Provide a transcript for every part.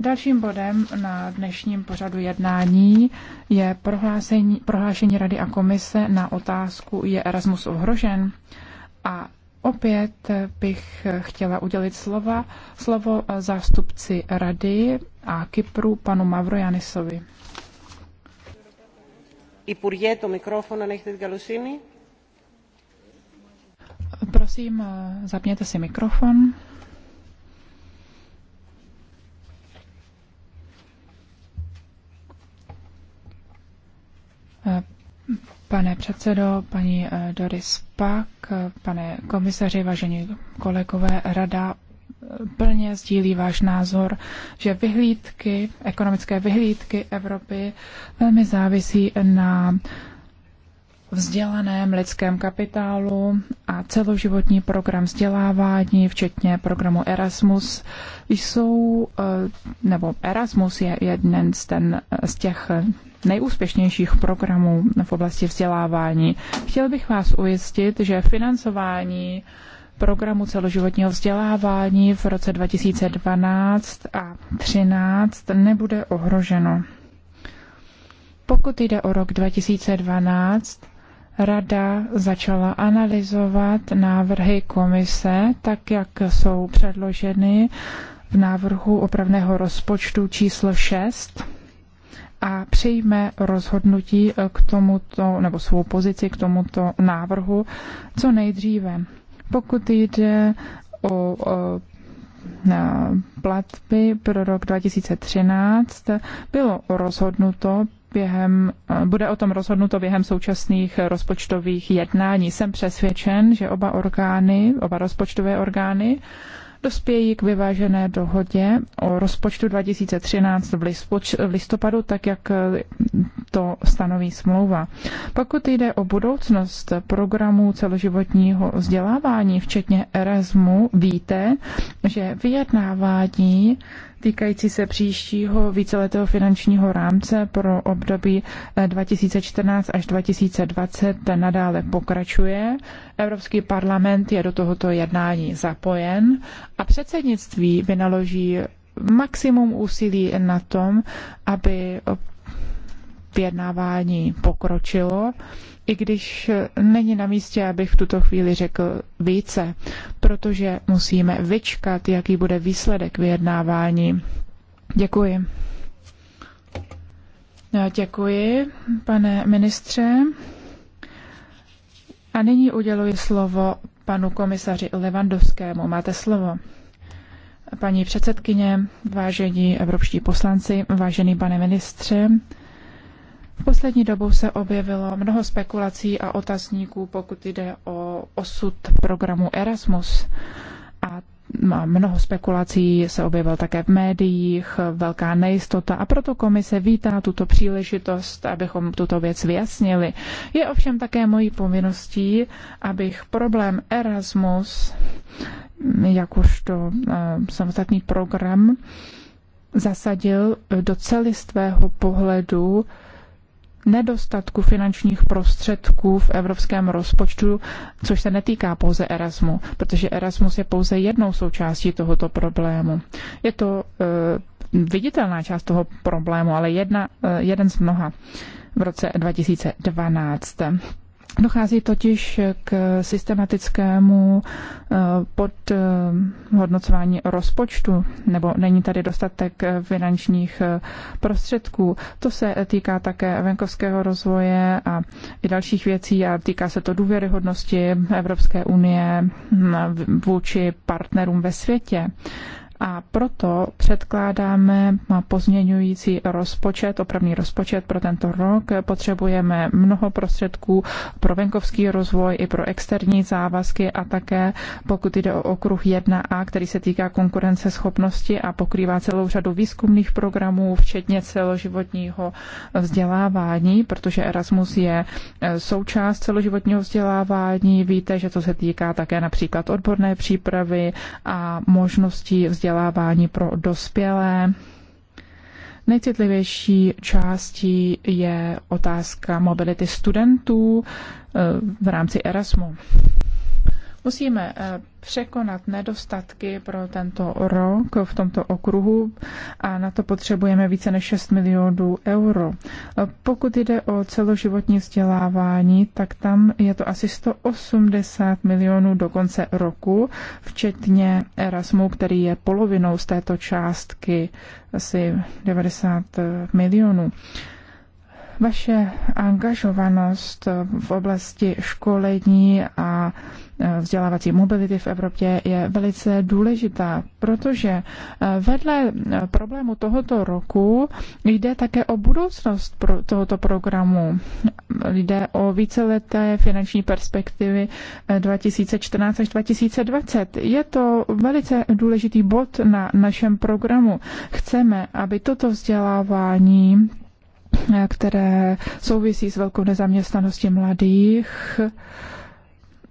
Dalším bodem na dnešním pořadu jednání je prohlášení, prohlášení Rady a komise na otázku Je Erasmus ohrožen? A opět bych chtěla udělit slova, slovo zástupci Rady a Kypru panu Mavrojanisovi. Υπουργέ, το μικρόφωνο, αν έχετε την καλοσύνη. Prosím, zapněte si mikrofon. Pane předsedo, paní eh, Doris Pak, pane komisaři, vážení kolegové, rada eh, plně sdílí váš názor, že vyhlídky, ekonomické vyhlídky Evropy velmi závisí na vzdělaném lidském kapitálu a celoživotní program vzdělávání, včetně programu Erasmus, jsou, eh, nebo Erasmus je jeden z, ten, eh, z těch nejúspěšnějších programů v oblasti vzdělávání. Chtěl bych vás ujistit, že financování programu celoživotního vzdělávání v roce 2012 a 2013 nebude ohroženo. Pokud jde o rok 2012, Rada začala analyzovat návrhy komise, tak jak jsou předloženy v návrhu opravného rozpočtu číslo 6 a přijme rozhodnutí k tomuto, nebo svou pozici k tomuto návrhu co nejdříve. Pokud jde o, o platby pro rok 2013 bylo rozhodnuto během, bude o tom rozhodnuto během současných rozpočtových jednání. Jsem přesvědčen, že oba orgány, oba rozpočtové orgány dospějí k vyvážené dohodě o rozpočtu 2013 v listopadu, tak jak to stanoví smlouva. Pokud jde o budoucnost programů celoživotního vzdělávání, včetně Erasmu, víte, že vyjednávání týkající se příštího víceletého finančního rámce pro období 2014 eh, až 2020 nadále pokračuje. Evropský parlament je do tohoto jednání zapojen a předsednictví vynaloží maximum úsilí na tom, aby vyjednávání pokročilo, i když není na místě, abych v tuto chvíli řekl více, protože musíme vyčkat, jaký bude výsledek vyjednávání. Děkuji. Já děkuji, pane ministře. A nyní uděluji slovo panu komisaři Levandovskému. Máte slovo. Paní předsedkyně, vážení evropští poslanci, vážený pane ministře, v poslední dobou se objevilo mnoho spekulací a otazníků, pokud jde o osud programu Erasmus. A mnoho spekulací se objevilo také v médiích, velká nejistota a proto komise vítá tuto příležitost, abychom tuto věc vyjasnili. Je ovšem také mojí povinností, abych problém Erasmus, jakožto eh, samostatný program, zasadil do celistvého pohledu nedostatku finančních prostředků v evropském rozpočtu, což se netýká pouze Erasmu, protože Erasmus je pouze jednou součástí tohoto problému. Je to eh, viditelná část toho problému, ale jedna, eh, jeden z mnoha v roce 2012. Dochází totiž k systematickému eh, podhodnocování eh, rozpočtu, nebo není tady dostatek eh, finančních prostředků. To se týká také venkovského rozvoje a i dalších věcí a týká se to důvěryhodnosti Evropské unie hm, vůči partnerům ve světě a proto předkládáme pozměňující rozpočet, opravný rozpočet pro tento rok. Potřebujeme mnoho prostředků pro venkovský rozvoj i pro externí závazky a také pokud jde o okruh 1a, který se týká konkurenceschopnosti a pokrývá celou řadu výzkumných programů, včetně celoživotního vzdělávání, protože Erasmus je e, součást celoživotního vzdělávání. Víte, že to se týká také například odborné přípravy a možností vzdělávání vzdělávání pro dospělé. Nejcitlivější částí je otázka mobility studentů eh, v rámci Erasmu. Musíme eh, překonat nedostatky pro tento rok v tomto okruhu a na to potřebujeme více než 6 milionů euro. Eh, pokud jde o celoživotní vzdělávání, tak tam je to asi 180 milionů do konce roku, včetně Erasmu, který je polovinou z této částky, asi 90 eh, milionů. Vaše angažovanost v oblasti školení a e, vzdělávací mobility v Evropě je velice důležitá, protože e, vedle e, problému tohoto roku jde také o budoucnost tohoto programu. Jde o víceleté finanční perspektivy 2014 až 2020. Je to velice důležitý bod na našem programu. Chceme, aby toto vzdělávání které souvisí s velkou nezaměstnaností mladých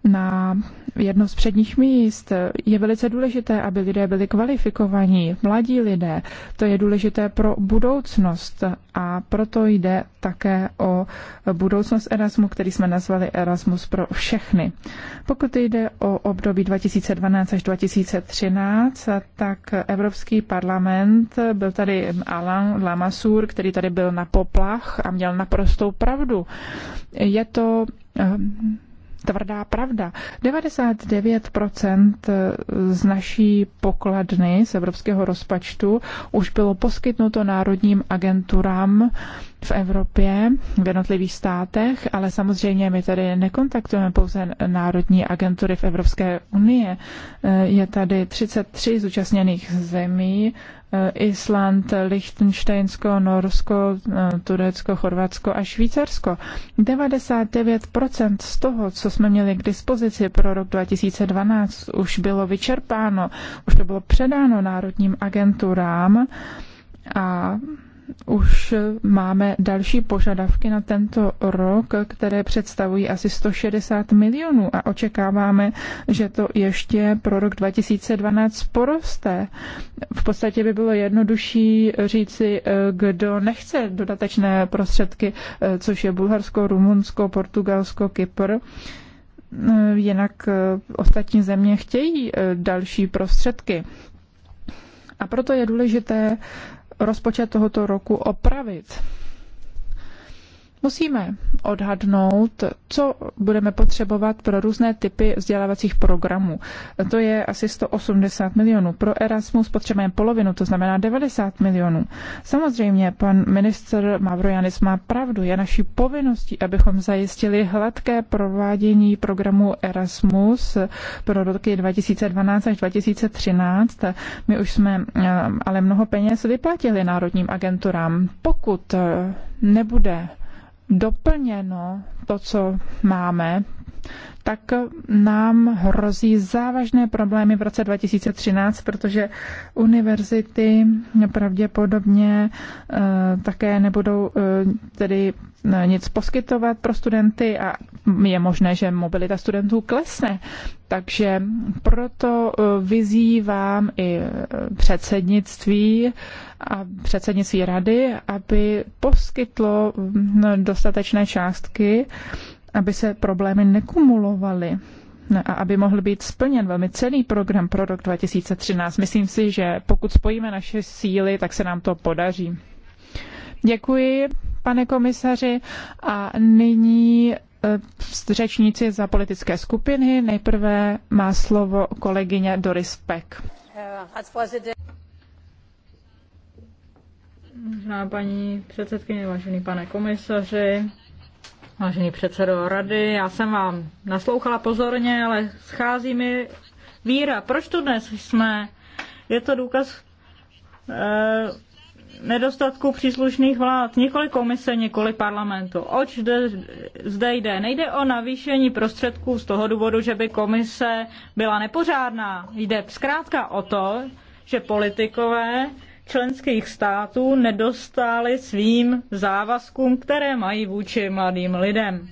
na jedno z předních míst. Je velice důležité, aby lidé byli kvalifikovaní, mladí lidé. To je důležité pro budoucnost a proto jde také o budoucnost Erasmu, který jsme nazvali Erasmus pro všechny. Pokud jde o období 2012 až 2013, tak Evropský parlament, byl tady Alain Lamassur, který tady byl na poplach a měl naprostou pravdu. Je to eh, tvrdá pravda. 99% z naší pokladny z evropského rozpočtu už bylo poskytnuto národním agenturám v Evropě, v jednotlivých státech, ale samozřejmě my tady nekontaktujeme pouze národní agentury v Evropské unie. Je tady 33 zúčastněných zemí Eh, Island, Liechtensteinsko, Norsko, eh, Turecko, Chorvatsko a Švýcarsko. 99% z toho, co jsme měli k dispozici pro rok 2012, už bylo vyčerpáno, už to bylo předáno národním agenturám a už máme další požadavky na tento rok, které představují asi 160 milionů a očekáváme, že to ještě pro rok 2012 poroste. V podstatě by bylo jednodušší říci, eh, kdo nechce dodatečné prostředky, eh, což je Bulharsko, Rumunsko, Portugalsko, Kypr. Eh, jinak ostatní země chtějí další prostředky. A proto je důležité rozpočet tohoto roku opravit. Musíme odhadnout, co budeme potřebovat pro různé typy vzdělávacích programů. To je asi 180 milionů. Pro Erasmus potřebujeme polovinu, to znamená 90 milionů. Samozřejmě pan minister Mavrojanis má pravdu. Je naší povinností, abychom zajistili hladké provádění programu Erasmus pro roky 2012 až 2013. My už jsme eh, ale mnoho peněz vyplatili národním agenturám. Pokud eh, nebude doplněno to, co máme, tak nám hrozí závažné problémy v roce 2013, protože univerzity pravděpodobně eh, také nebudou eh, tedy nic poskytovat pro studenty a je možné, že mobilita studentů klesne. Takže proto eh, vyzývám i eh, předsednictví a předsednictví rady, aby poskytlo hm, dostatečné částky, aby se problémy nekumulovaly a aby mohl být splněn velmi cený program pro rok 2013. Myslím si, že pokud spojíme naše síly, tak se nám to podaří. Děkuji pane komisaři. A nyní eh, řečníci za politické skupiny. Nejprve má slovo kolegyně Doris Peck. Vážená paní předsedkyně, vážený pane komisaři, vážený předsedo rady, já jsem vám naslouchala pozorně, ale schází mi víra. Proč tu dnes jsme? Je to důkaz eh, nedostatku příslušných vlád, nikoli komise, nikoli parlamentu. Oč zde, zde jde? Nejde o navýšení prostředků z toho důvodu, že by komise byla nepořádná. Jde zkrátka o to, že politikové členských států nedostály svým závazkům, které mají vůči mladým lidem.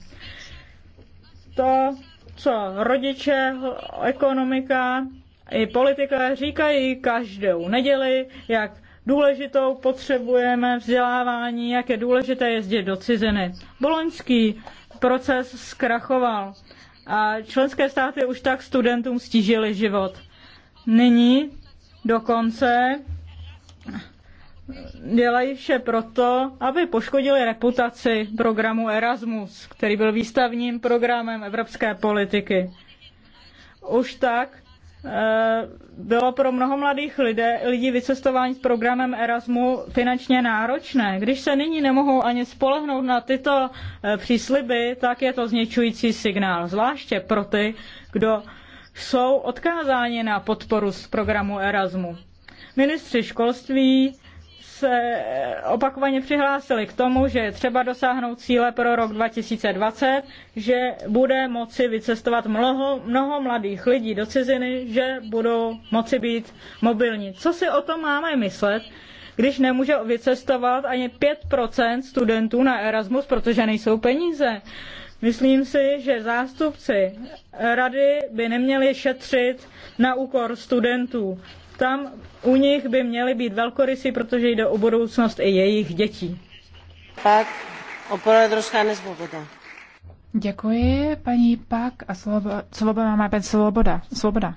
To, co rodiče, ekonomika i politika říkají každou neděli, jak důležitou potřebujeme vzdělávání, jak je důležité jezdit do ciziny. Boloňský proces zkrachoval a členské státy už tak studentům stížily život. Nyní dokonce dělají vše proto, aby poškodili reputaci programu Erasmus, který byl výstavním programem evropské politiky. Už tak Eh, bylo pro mnoho mladých lidé, lidí vycestování s programem Erasmu finančně náročné. Když se nyní nemohou ani spolehnout na tyto eh, přísliby, tak je to zničující signál, zvláště pro ty, kdo jsou odkázáni na podporu z programu Erasmu. Ministři školství se opakovaně přihlásili k tomu, že je třeba dosáhnout cíle pro rok 2020, že bude moci vycestovat mnoho, mnoho mladých lidí do ciziny, že budou moci být mobilní. Co si o tom máme myslet, když nemůže vycestovat ani 5% studentů na Erasmus, protože nejsou peníze? Myslím si, že zástupci rady by neměli šetřit na úkor studentů tam u nich by měli být velkorysy, protože jde o budoucnost i jejich dětí. Tak, nezvoboda. Děkuji, paní Pak a Svoboda, má pět svoboda. svoboda.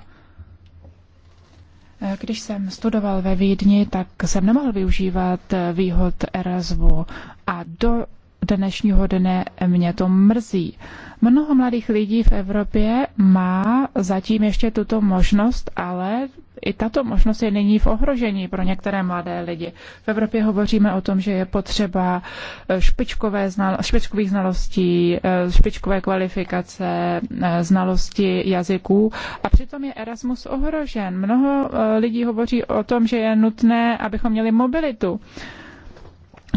Eh, když jsem studoval ve Vídni, tak jsem nemohl využívat eh, výhod Erasmu a do dnešního dne mě to mrzí. Mnoho mladých lidí v Evropě má zatím ještě tuto možnost, ale i tato možnost je nyní v ohrožení pro některé mladé lidi. V Evropě hovoříme o tom, že je potřeba eh, špičkové znal- špičkových znalostí, eh, špičkové kvalifikace, eh, znalosti jazyků a přitom je Erasmus ohrožen. Mnoho lidí hovoří o tom, že je nutné, abychom měli mobilitu.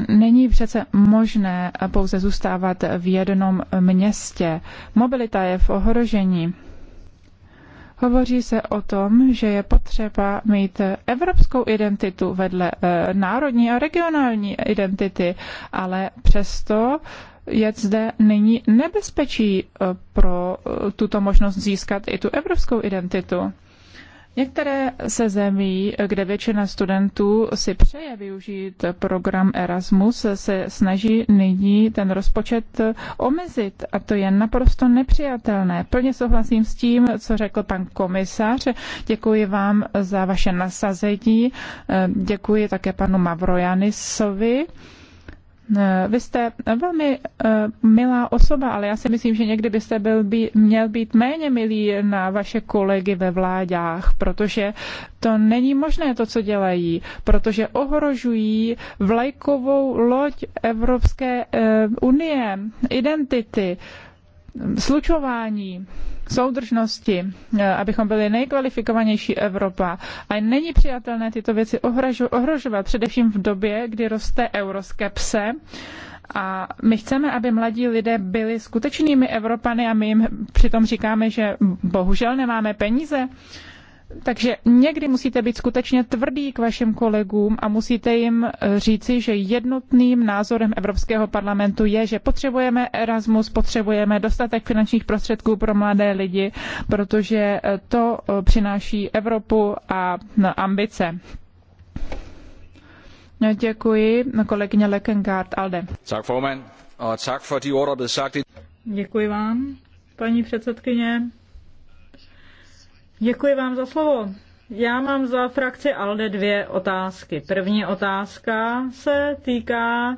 Není přece možné pouze zůstávat v jednom městě. Mobilita je v ohrožení. Hovoří se o tom, že je potřeba mít evropskou identitu vedle eh, národní a regionální identity, ale přesto je zde nyní nebezpečí eh, pro eh, tuto možnost získat i tu evropskou identitu. Některé se zemí, kde většina studentů si přeje využít program Erasmus, se snaží nyní ten rozpočet omezit a to je naprosto nepřijatelné. Plně souhlasím s tím, co řekl pan komisař. Děkuji vám za vaše nasazení. Děkuji také panu Mavrojanisovi. Eh, vy jste velmi eh, milá osoba, ale já si myslím, že někdy byste byl by, měl být méně milý na vaše kolegy ve vládách, protože to není možné to, co dělají, protože ohrožují vlajkovou loď Evropské eh, unie, identity, slučování k soudržnosti, eh, abychom byli nejkvalifikovanější Evropa. A není přijatelné tyto věci ohrožovat, především v době, kdy roste euroskepse. A my chceme, aby mladí lidé byli skutečnými Evropany a my jim přitom říkáme, že bohužel nemáme peníze. Takže někdy musíte být skutečně tvrdý k vašim kolegům a musíte jim eh, říci, že jednotným názorem Evropského parlamentu je, že potřebujeme Erasmus, potřebujeme dostatek finančních prostředků pro mladé lidi, protože eh, to eh, přináší Evropu a ambice. No, děkuji, no, kolegyně Lekengard Alde. Tak, A tak for Děkuji vám, paní předsedkyně. Děkuji vám za slovo. Já mám za frakci ALDE dvě otázky. První otázka se týká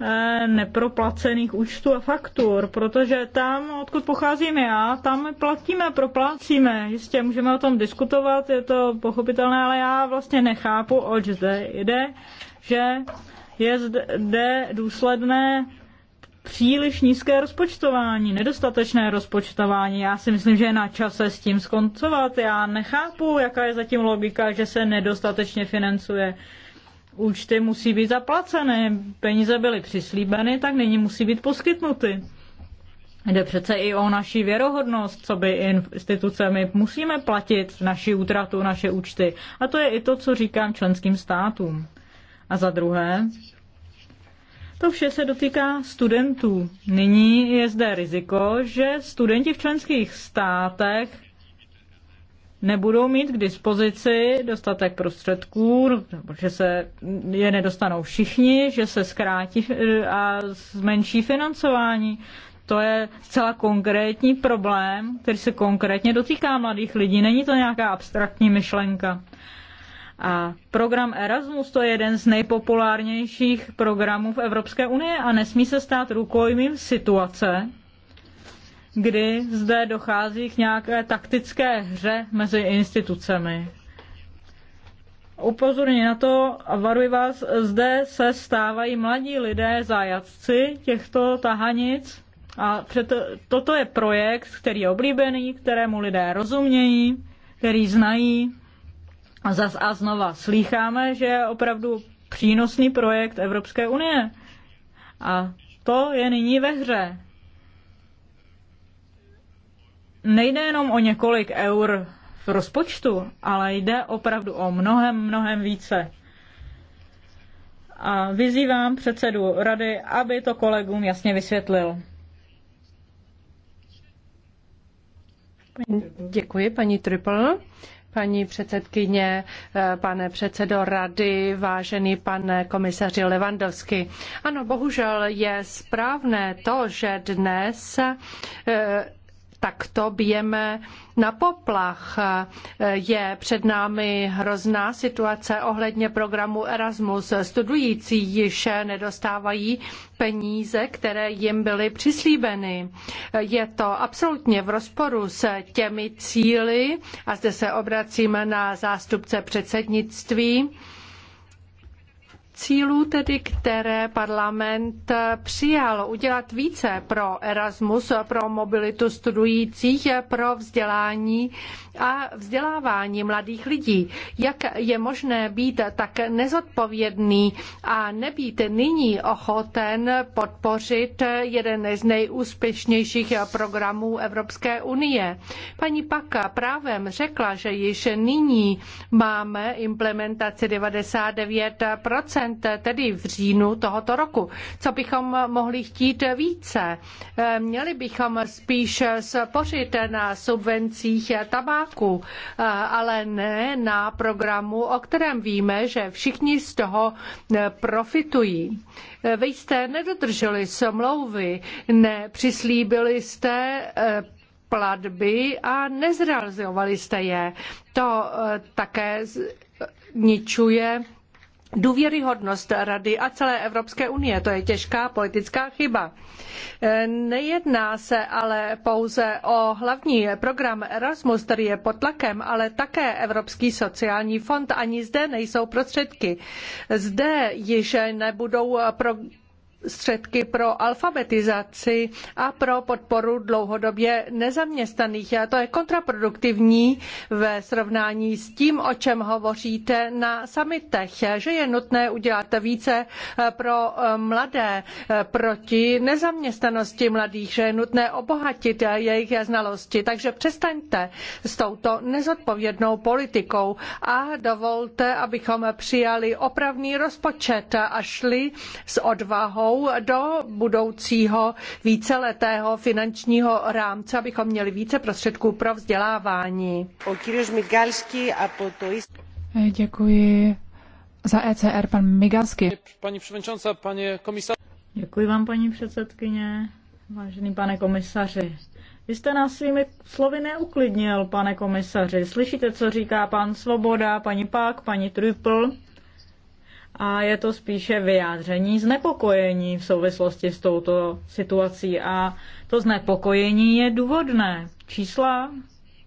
eh, neproplacených účtů a faktur, protože tam, odkud pocházím já, tam platíme, proplácíme. Jistě můžeme o tom diskutovat, je to pochopitelné, ale já vlastně nechápu, oč zde jde, že je zde důsledné příliš nízké rozpočtování, nedostatečné rozpočtování. Já si myslím, že je na čase s tím skoncovat. Já nechápu, jaká je zatím logika, že se nedostatečně financuje. Účty musí být zaplaceny, peníze byly přislíbeny, tak nyní musí být poskytnuty. Jde přece i o naši věrohodnost, co by instituce. My musíme platit naši útratu, naše účty. A to je i to, co říkám členským státům. A za druhé, to vše se dotýká studentů. Nyní je zde riziko, že studenti v členských státech nebudou mít k dispozici dostatek prostředků, že se je nedostanou všichni, že se zkrátí eh, a zmenší financování. To je zcela konkrétní problém, který se konkrétně dotýká mladých lidí. Není to nějaká abstraktní myšlenka. A program Erasmus to je jeden z nejpopulárnějších programů v Evropské unii a nesmí se stát rukojmím situace, kdy zde dochází k nějaké taktické hře mezi institucemi. Upozorně na to a varuji vás, zde se stávají mladí lidé zajatci těchto tahanic a před, toto je projekt, který je oblíbený, kterému lidé rozumějí, který znají a zas a znova slýcháme, že je opravdu přínosný projekt Evropské unie. A to je nyní ve hře. Nejde jenom o několik eur v rozpočtu, ale jde opravdu o mnohem, mnohem více. A vyzývám předsedu rady, aby to kolegům jasně vysvětlil. Děkuji, paní Triple. Paní předsedkyně, eh, pane předsedo rady, vážený pane komisaři Lewandowski. Ano, bohužel je správné to, že dnes eh, takto bijeme na poplach. Je před námi hrozná situace ohledně programu Erasmus. Studující již nedostávají peníze, které jim byly přislíbeny. Je to absolutně v rozporu s těmi cíly, a zde se obracíme na zástupce předsednictví, cílů, tedy které parlament přijal. Udělat více pro Erasmus, pro mobilitu studujících, pro vzdělání a vzdělávání mladých lidí. Jak je možné být tak nezodpovědný a nebýt nyní ochoten podpořit jeden z nejúspěšnějších programů Evropské unie? Paní Paka právem řekla, že již nyní máme implementaci 99 Eh, tedy v říjnu tohoto roku. Co bychom mohli chtít více? Eh, měli bychom spíš spořit na subvencích tabáku, eh, ale ne na programu, o kterém víme, že všichni z toho profitují. Vy jste nedodrželi smlouvy, nepřislíbili jste platby a nezrealizovali jste je. To také ničuje důvěryhodnost Rady a celé Evropské unie. To je těžká politická chyba. E, nejedná se ale pouze o hlavní program Erasmus, který je pod tlakem, ale také Evropský sociální fond. Ani zde nejsou prostředky. Zde již nebudou pro prostředky pro alfabetizaci a pro podporu dlouhodobě nezaměstnaných. A to je kontraproduktivní ve srovnání s tím, o čem hovoříte na samitech, že je nutné udělat více eh, pro eh, mladé eh, proti nezaměstnanosti mladých, že je nutné obohatit jejich znalosti. Takže přestaňte s touto nezodpovědnou politikou a dovolte, abychom přijali opravný rozpočet a šli s odvahou úlohou do budoucího víceletého finančního rámce, abychom měli více prostředků pro vzdělávání. Děkuji. Za ECR pan Migalsky. Paní předsedkyně, pane komisař. Děkuji vám, paní předsedkyně. Vážený pane komisaři, vy jste nás svými slovy neuklidnil, pane komisaři. Slyšíte, co říká pan Svoboda, paní Pak, paní Trupl a je to spíše vyjádření znepokojení v souvislosti s touto situací a to znepokojení je důvodné. Čísla,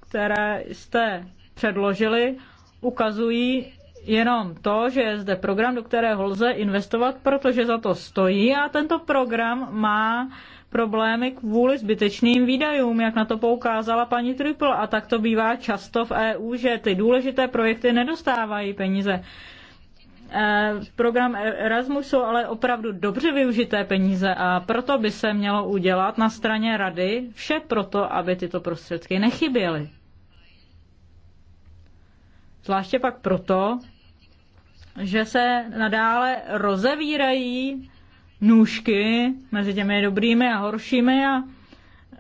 které jste předložili, ukazují jenom to, že je zde program, do kterého lze investovat, protože za to stojí a tento program má problémy kvůli zbytečným výdajům, jak na to poukázala paní Triple. A tak to bývá často v EU, že ty důležité projekty nedostávají peníze. Eh, program Erasmus jsou ale opravdu dobře využité peníze a proto by se mělo udělat na straně rady vše proto, aby tyto prostředky nechyběly. Zvláště pak proto, že se nadále rozevírají nůžky mezi těmi dobrými a horšími a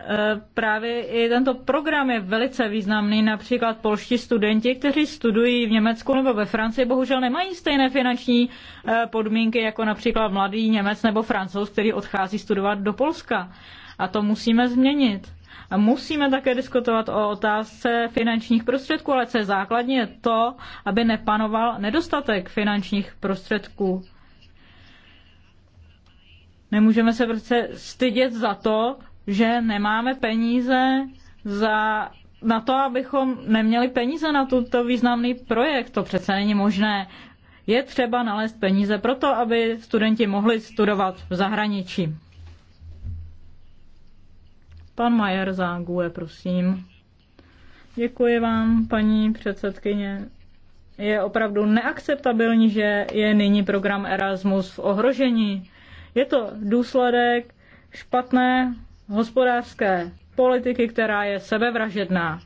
Eh, právě i tento program je velice významný. Například polští studenti, kteří studují v Německu nebo ve Francii, bohužel nemají stejné finanční eh, podmínky jako například mladý Němec nebo Francouz, který odchází studovat do Polska. A to musíme změnit. A musíme také diskutovat o otázce finančních prostředků, ale co je základní, je to, aby nepanoval nedostatek finančních prostředků. Nemůžeme se prostě stydět za to, že nemáme peníze za, na to, abychom neměli peníze na tuto významný projekt. To přece není možné. Je třeba nalézt peníze pro to, aby studenti mohli studovat v zahraničí. Pan Majer záguje, prosím. Děkuji vám, paní předsedkyně. Je opravdu neakceptabilní, že je nyní program Erasmus v ohrožení. Je to důsledek špatné hospodářské politiky, která je sebevražedná.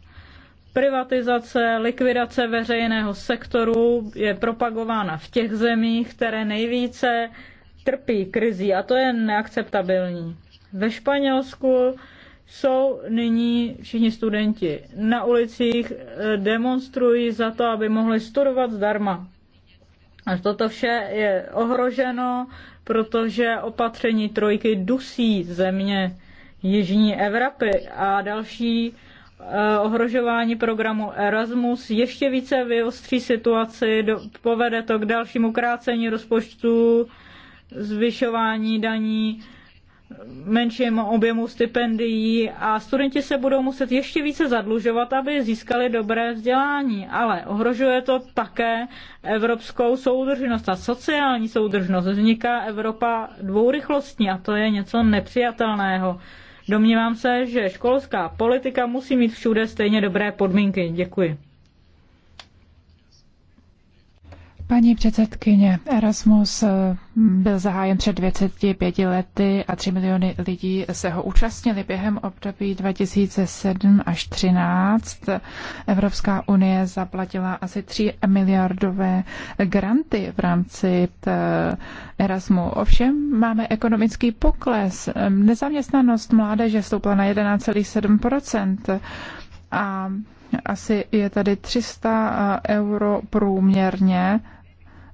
Privatizace, likvidace veřejného sektoru je propagována v těch zemích, které nejvíce trpí krizí a to je neakceptabilní. Ve Španělsku jsou nyní všichni studenti na ulicích, eh, demonstrují za to, aby mohli studovat zdarma. A toto vše je ohroženo, protože opatření trojky dusí země. Jižní Evropy a další eh, ohrožování programu Erasmus ještě více vyostří situaci, povede to k dalšímu krácení rozpočtu, zvyšování daní, menším objemu stipendií a studenti se budou muset ještě více zadlužovat, aby získali dobré vzdělání. Ale ohrožuje to také evropskou soudržnost a sociální soudržnost. Vzniká Evropa dvourychlostní a to je něco nepřijatelného. Domnívám se, že školská politika musí mít všude stejně dobré podmínky. Děkuji. Paní předsedkyně, Erasmus eh, byl zahájen před 25 lety a 3 miliony lidí se ho účastnili během období 2007 až 2013. Evropská unie zaplatila asi 3 miliardové granty v rámci eh, Erasmu. Ovšem máme ekonomický pokles. Nezaměstnanost mládeže stoupla na 11,7 a asi je tady 300 eh, euro průměrně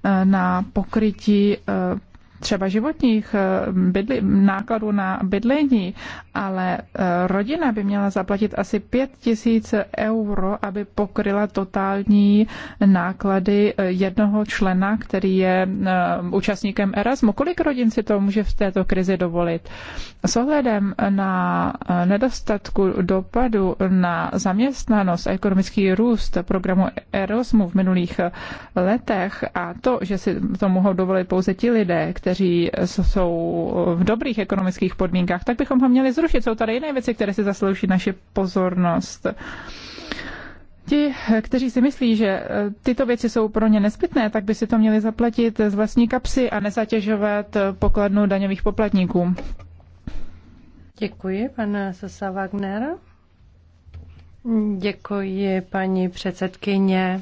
eh, na pokrytí eh, třeba životních bydli, nákladů na bydlení ale eh, rodina by měla zaplatit asi 5 tisíc euro, aby pokryla totální náklady eh, jednoho člena, který je eh, účastníkem Erasmu. Kolik rodin si to může v této krizi dovolit? S ohledem na nedostatku dopadu na zaměstnanost a ekonomický růst programu Erasmu v minulých letech a to, že si to mohou dovolit pouze ti lidé, kteří jsou v dobrých ekonomických podmínkách, tak bychom ho měli zrušit. Jsou tady jiné věci, které si zaslouží naše pozornost. Ti, kteří si myslí, že eh, tyto věci jsou pro ně nezbytné, tak by si to měli zaplatit z vlastní kapsy a nezatěžovat eh, pokladnu daňových poplatníků. Děkuji, pan Sosa Wagner. Děkuji, paní předsedkyně.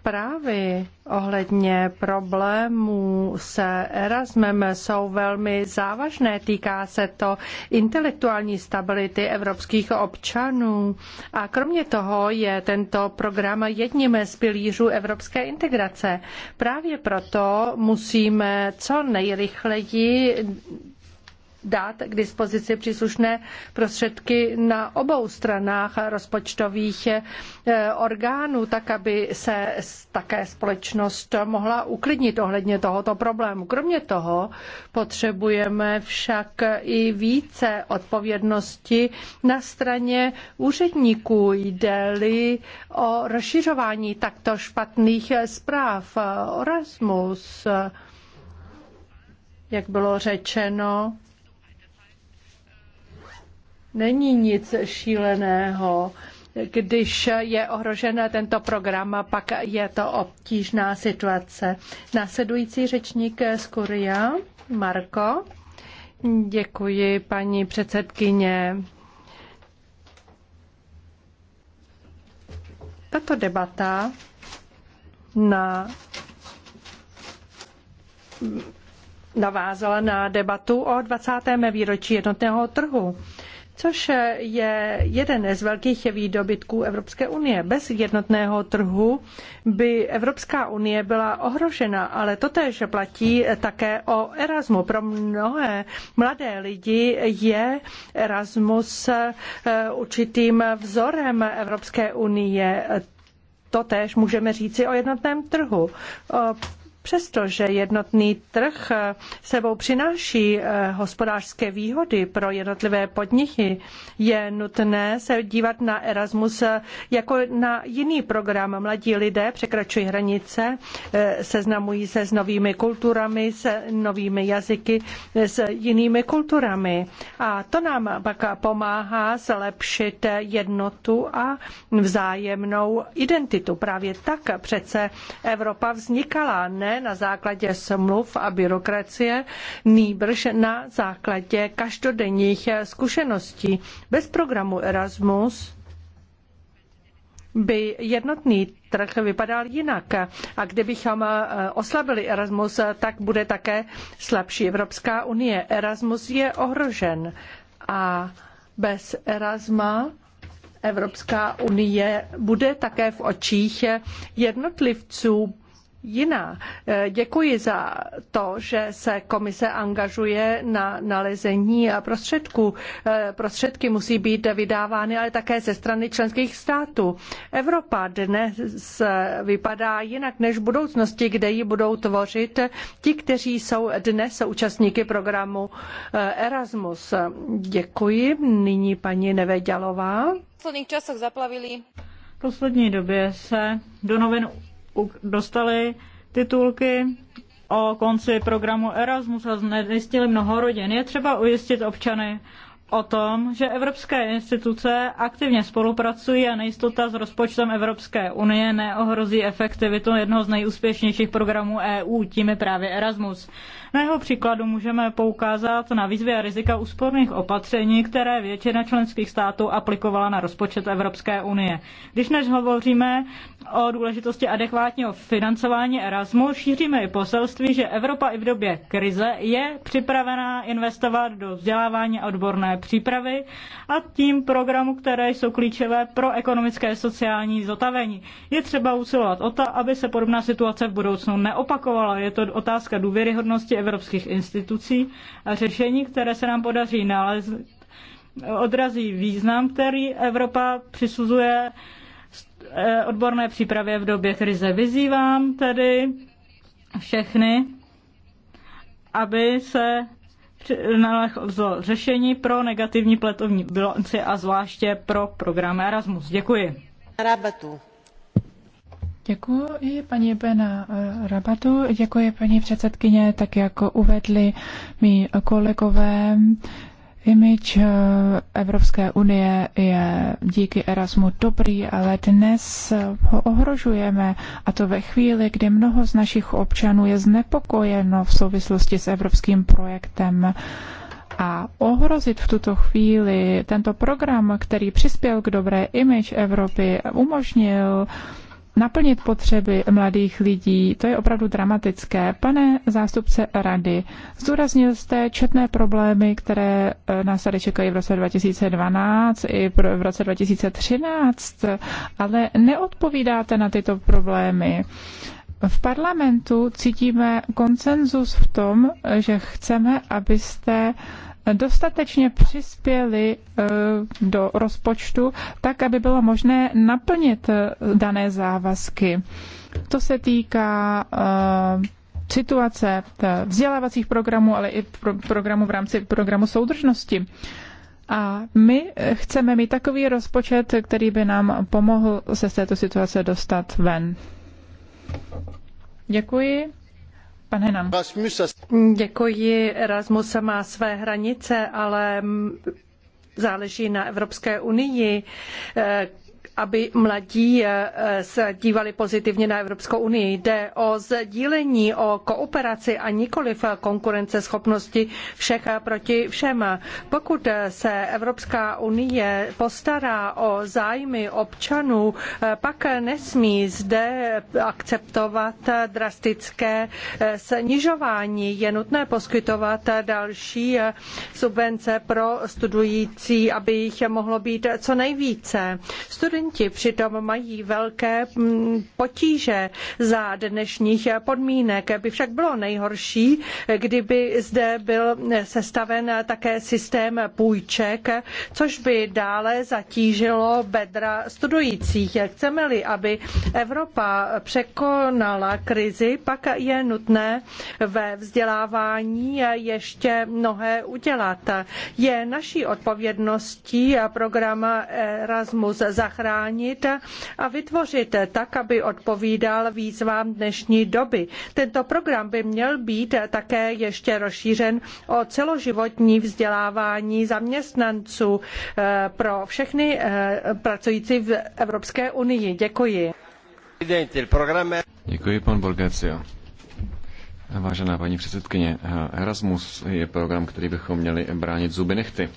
Zprávy ohledně problémů se Erasmem jsou velmi závažné. Týká se to intelektuální stability evropských občanů. A kromě toho je tento program jedním z pilířů evropské integrace. Právě proto musíme co nejrychleji dát k dispozici příslušné prostředky na obou stranách rozpočtových eh, orgánů, tak aby se také společnost mohla uklidnit ohledně tohoto problému. Kromě toho potřebujeme však i více odpovědnosti na straně úředníků, jde-li o rozšiřování takto špatných zpráv. Orasmus, jak bylo řečeno, Není nic šíleného když je ohrožen tento program, pak je to obtížná situace. Následující řečník z Kuria, Marko. Děkuji, paní předsedkyně. Tato debata na navázala na debatu o 20. výročí jednotného trhu což je jeden z velkých výdobytků Evropské unie. Bez jednotného trhu by Evropská unie byla ohrožena, ale totéž platí také o Erasmu. Pro mnohé mladé lidi je Erasmus eh, určitým vzorem Evropské unie. To též můžeme říci o jednotném trhu. Přestože jednotný trh sebou přináší eh, hospodářské výhody pro jednotlivé podniky, je nutné se dívat na Erasmus eh, jako na jiný program. Mladí lidé překračují hranice, eh, seznamují se s novými kulturami, s novými jazyky, s jinými kulturami. A to nám pak pomáhá zlepšit jednotu a vzájemnou identitu. Právě tak přece Evropa vznikala, ne na základě smluv a byrokracie, nýbrž na základě každodenních zkušeností. Bez programu Erasmus by jednotný trh vypadal jinak. A kdybychom eh, oslabili Erasmus, tak bude také slabší Evropská unie. Erasmus je ohrožen a bez Erasma Evropská unie bude také v očích jednotlivců jiná. Eh, děkuji za to, že se komise angažuje na nalezení prostředků. Eh, prostředky musí být vydávány ale také ze strany členských států. Evropa dnes vypadá jinak než v budoucnosti, kde ji budou tvořit ti, kteří jsou dnes účastníky programu eh, Erasmus. Děkuji. Nyní paní Nevedělová. V posledních časech zaplavili. V poslední době se do novin dostali titulky o konci programu Erasmus a znejistili mnoho rodin. Je třeba ujistit občany o tom, že evropské instituce aktivně spolupracují a nejistota s rozpočtem Evropské unie neohrozí efektivitu jednoho z nejúspěšnějších programů EU, tím je právě Erasmus. Na jeho příkladu můžeme poukázat na výzvy a rizika úsporných opatření, které většina členských států aplikovala na rozpočet Evropské unie. Když než hovoříme o důležitosti adekvátního financování Erasmu, šíříme i poselství, že Evropa i v době krize je připravená investovat do vzdělávání odborné přípravy a tím programu, které jsou klíčové pro ekonomické a sociální zotavení. Je třeba usilovat o to, aby se podobná situace v budoucnu neopakovala. Je to otázka důvěryhodnosti evropských institucí a řešení, které se nám podaří nalézt, odrazí význam, který Evropa přisuzuje odborné přípravě v době krize. Vyzývám tedy všechny, aby se nalezlo řešení pro negativní pletovní bilanci a zvláště pro program Erasmus. Děkuji. Rabatu. Děkuji paní Bena eh, Rabatu, děkuji paní předsedkyně, tak jako uvedli mi kolegové, Image eh, Evropské unie je díky Erasmu dobrý, ale dnes eh, ho ohrožujeme a to ve chvíli, kdy mnoho z našich občanů je znepokojeno v souvislosti s evropským projektem a ohrozit v tuto chvíli tento program, který přispěl k dobré image Evropy, umožnil uh, naplnit potřeby mladých lidí, to je opravdu dramatické. Pane zástupce rady, zdůraznil jste četné problémy, které e, nás tady čekají v roce 2012 i v roce 2013, ale neodpovídáte na tyto problémy. V parlamentu cítíme konsenzus v tom, že chceme, abyste dostatečně přispěli eh, do rozpočtu, tak aby bylo možné naplnit eh, dané závazky. To se týká eh, situace vzdělávacích programů, ale i programu programů v rámci programu soudržnosti. A my chceme mít takový rozpočet, který by nám pomohl se z této situace dostat ven. Děkuji. Pan Henam. Děkuji. Erasmus má své hranice, ale záleží na Evropské unii, aby mladí eh, eh, se dívali pozitivně na Evropskou unii. Jde o sdílení, o kooperaci a nikoliv schopnosti všech proti všem. Pokud se Evropská unie postará o zájmy občanů, eh, pak nesmí zde akceptovat drastické snižování. Je nutné poskytovat další subvence pro studující, aby jich mohlo být co nejvíce. Studenti studenti přitom mají velké mm, potíže za dnešních podmínek. By však bylo nejhorší, kdyby zde byl sestaven také systém půjček, což by dále zatížilo bedra studujících. Chceme-li, aby Evropa překonala krizi, pak je nutné ve vzdělávání ještě mnohé udělat. Je naší odpovědností program Erasmus zachránit chránit a vytvořit tak, aby odpovídal výzvám dnešní doby. Tento program by měl být také ještě rozšířen o celoživotní vzdělávání zaměstnanců eh, pro všechny eh, pracující v Evropské unii. Děkuji. Děkuji, pan Borgacio. Vážená paní předsedkyně, eh, Erasmus je program, který bychom měli bránit zuby nechty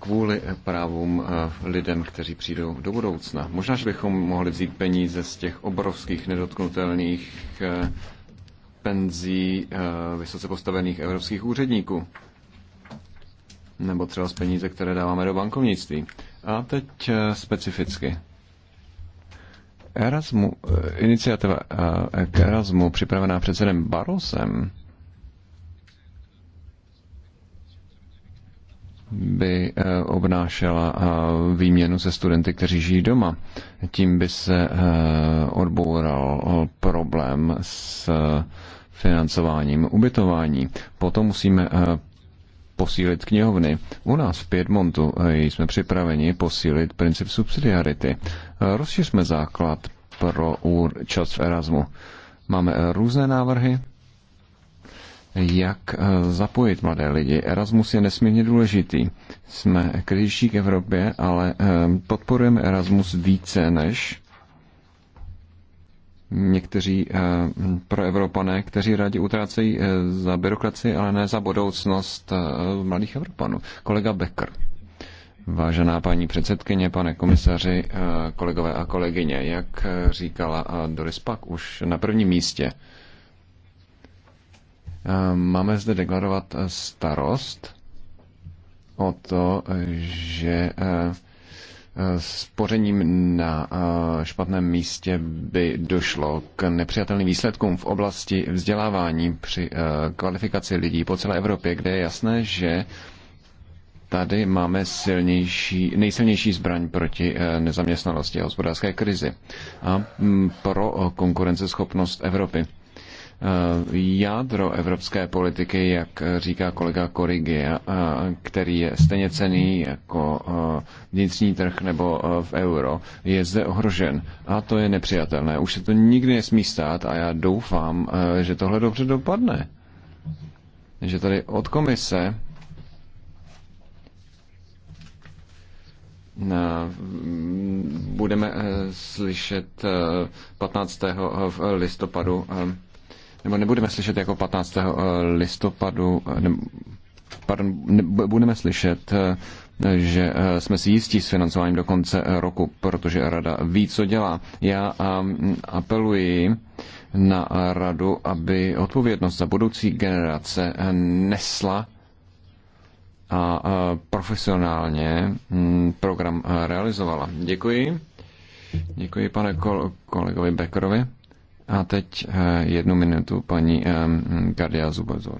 kvůli právům eh, lidem, kteří přijdou do budoucna. Možná, že bychom mohli vzít peníze z těch obrovských nedotknutelných eh, penzí eh, vysoce postavených evropských úředníků. Nebo třeba z peníze, které dáváme do bankovnictví. A teď specificky. Erasmu, iniciativa k Erasmu připravená předsedem Barosem by eh, obnášela eh, výměnu se studenty, kteří žijí doma. Tím by se eh, odboural problém s financováním ubytování. Potom musíme posílit knihovny. U nás v Piedmontu jsme připraveni posílit princip subsidiarity. Rozšiřme základ pro účast v Erasmu. Máme různé návrhy, jak eh, zapojit mladé lidi. Erasmus je nesmírně důležitý. Jsme kritičtí k Evropě, ale eh, podporujeme Erasmus více než někteří eh, proevropané, kteří rádi utrácejí za byrokracii, ale ne za budoucnost mladých Evropanů. Kolega Becker. Vážená paní předsedkyně, pane komisaři, kolegové a kolegyně, jak říkala Doris Pak už na prvním místě, Ehm, máme zde deklarovat eh, starost o to, že eh, eh, spořením na špatném místě by došlo k nepřijatelným výsledkům v oblasti vzdělávání při kvalifikaci lidí po celé Evropě, kde je jasné, že tady máme silnější, nejsilnější zbraň proti nezaměstnanosti a hospodářské krizi a mm, pro konkurenceschopnost Evropy jádro evropské politiky, jak říká kolega Korigy, který je stejně cený jako vnitřní trh nebo v euro, je zde ohrožen. A to je nepřijatelné. Už se to nikdy nesmí stát a já doufám, že tohle dobře dopadne. Že tady od komise budeme e, slyšet 15. E, e, listopadu nebo nebudeme slyšet jako 15. Eh, listopadu, eh, ne, pardon, ne, budeme slyšet, eh, že jsme si jistí s financováním do konce roku, protože rada ví, co dělá. Já ehm, apeluji na radu, aby odpovědnost za budoucí generace nesla a profesionálně hm, program realizovala. Děkuji. Děkuji pane kolegovi Beckerovi. A teď eh, jednu minutu paní eh, Gardia Zubazová.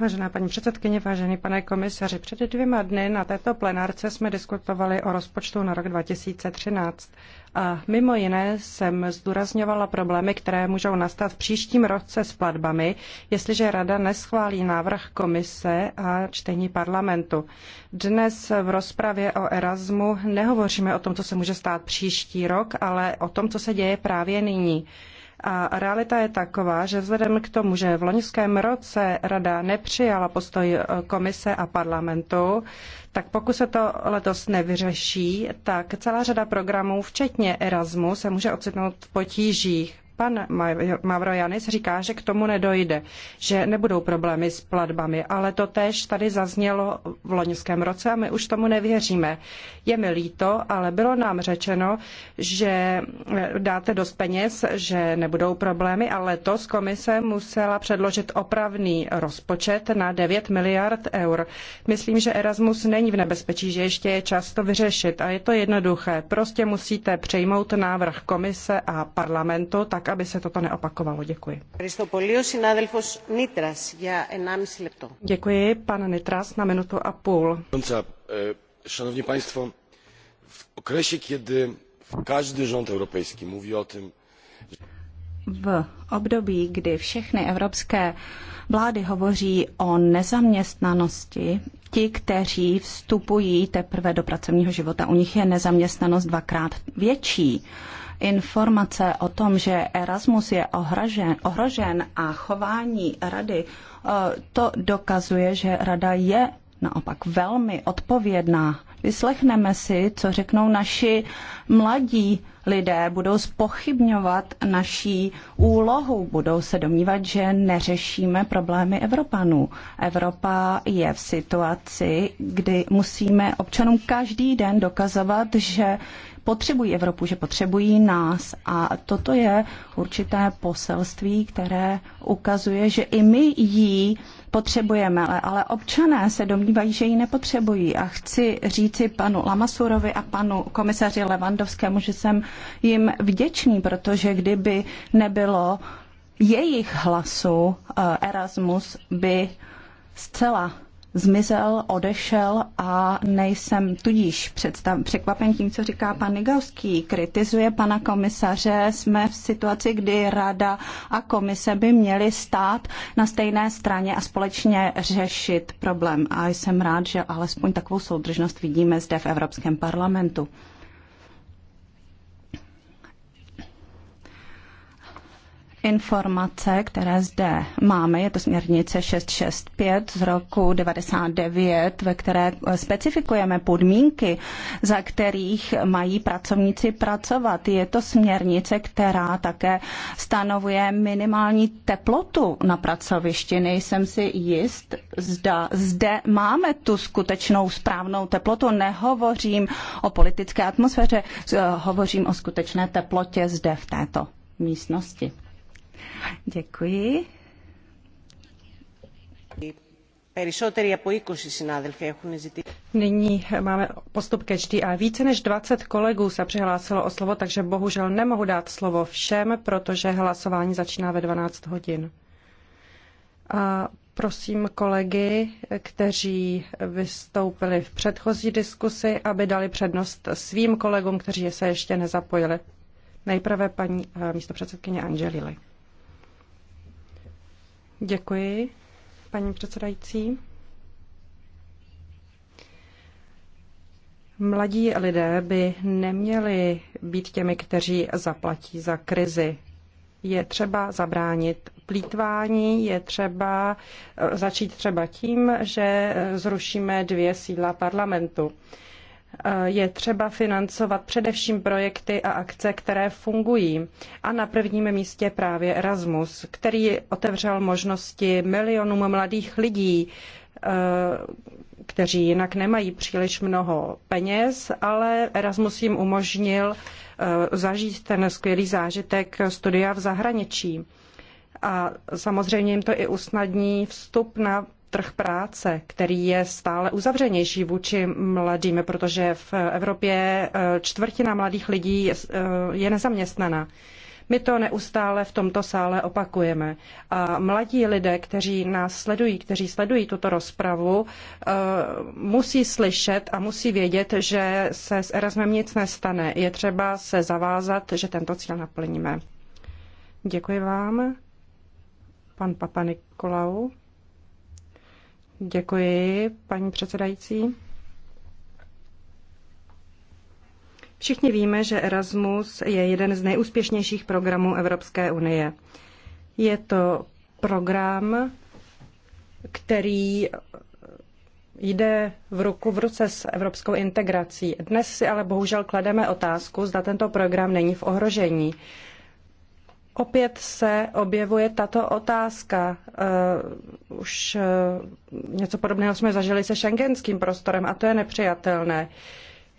Vážená paní předsedkyně, vážený pane komisaři, před dvěma dny na této plenárce jsme diskutovali o rozpočtu na rok 2013. A mimo jiné jsem zdůrazňovala problémy, které můžou nastat v příštím roce s platbami, jestliže Rada neschválí návrh komise a čtení parlamentu. Dnes v rozpravě o Erasmu nehovoříme o tom, co se může stát příští rok, ale o tom, co se děje právě nyní. A realita je taková, že vzhledem k tomu, že v loňském roce Rada nepřijala postoj komise a parlamentu, tak pokud se to letos nevyřeší, tak celá řada programů, včetně Erasmu, se může ocitnout v potížích. Pan Mavrojanis říká, že k tomu nedojde, že nebudou problémy s platbami, ale to též tady zaznělo v loňském roce a my už tomu nevěříme. Je mi líto, ale bylo nám řečeno, že dáte dost peněz, že nebudou problémy, ale letos komise musela předložit opravný rozpočet na 9 miliard eur. Myslím, že Erasmus není v nebezpečí, že ještě je čas to vyřešit a je to jednoduché. Prostě musíte přejmout návrh komise a parlamentu tak, tak aby se toto neopakovalo. Děkuji. Děkuji, pan Nitras, na minutu a půl. E, szanowni Państwo, w okresie, kiedy każdy rząd europejski mówi o tym, v období, kdy všechny evropské vlády hovoří o nezaměstnanosti, ti, kteří vstupují teprve do pracovního života, u nich je nezaměstnanost dvakrát větší informace o tom, že Erasmus je ohrožen, ohrožen a chování rady, eh, to dokazuje, že rada je naopak velmi odpovědná. Vyslechneme si, co řeknou naši mladí lidé budou spochybňovat naší úlohu, budou se domnívat, že neřešíme problémy Evropanů. Evropa je v situaci, kdy musíme občanům každý den dokazovat, že potřebují Evropu, že potřebují nás. A toto je určité poselství, které ukazuje, že i my jí potřebujeme, ale občané se domnívají, že ji nepotřebují. A chci říci panu Lamasurovi a panu komisaři Levandovskému, že jsem jim vděčný, protože kdyby nebylo jejich hlasu, eh, Erasmus by zcela zmizel, odešel a nejsem tudíž představ, překvapen tím, co říká pan Nigauský. Kritizuje pana komisaře, jsme v situaci, kdy rada a komise by měly stát na stejné straně a společně řešit problém. A jsem rád, že alespoň takovou soudržnost vidíme zde v Evropském parlamentu. informace, které zde máme, je to směrnice 665 z roku 99, ve které specifikujeme podmínky, za kterých mají pracovníci pracovat. Je to směrnice, která také stanovuje minimální teplotu na pracovišti. Nejsem si jist, zda zde máme tu skutečnou správnou teplotu. Nehovořím o politické atmosféře, hovořím o skutečné teplotě zde v této místnosti. Děkuji. Nyní máme postup ke a více než 20 kolegů se přihlásilo o slovo, takže bohužel nemohu dát slovo všem, protože hlasování začíná ve 12 hodin. A prosím kolegy, kteří vystoupili v předchozí diskusi, aby dali přednost svým kolegům, kteří se ještě nezapojili. Nejprve paní eh, místopředsedkyně Angelili. Děkuji, paní předsedající. Mladí lidé by neměli být těmi, kteří zaplatí za krizi. Je třeba zabránit plítvání, je třeba eh, začít třeba tím, že eh, zrušíme dvě sídla parlamentu. Eh, je třeba financovat především projekty a akce, které fungují. A na prvním místě právě Erasmus, který otevřel možnosti milionům mladých lidí, eh, kteří jinak nemají příliš mnoho peněz, ale Erasmus jim umožnil eh, zažít ten skvělý zážitek studia v zahraničí. A samozřejmě jim to i usnadní vstup na trh práce, který je stále uzavřenější vůči mladým, protože v Evropě eh, čtvrtina mladých lidí eh, je nezaměstnaná. My to neustále v tomto sále opakujeme. A mladí lidé, kteří nás sledují, kteří sledují tuto rozpravu, eh, musí slyšet a musí vědět, že se s Erasmem nic nestane. Je třeba se zavázat, že tento cíl naplníme. Děkuji vám. Pan Papa Nikolau. Děkuji, paní předsedající. Všichni víme, že Erasmus je jeden z nejúspěšnějších programů Evropské unie. Je to program, který jde v ruku v ruce s evropskou integrací. Dnes si ale bohužel klademe otázku, zda tento program není v ohrožení opět se objevuje tato otázka. Uh, už uh, něco podobného jsme zažili se šengenským prostorem a to je nepřijatelné. Uh,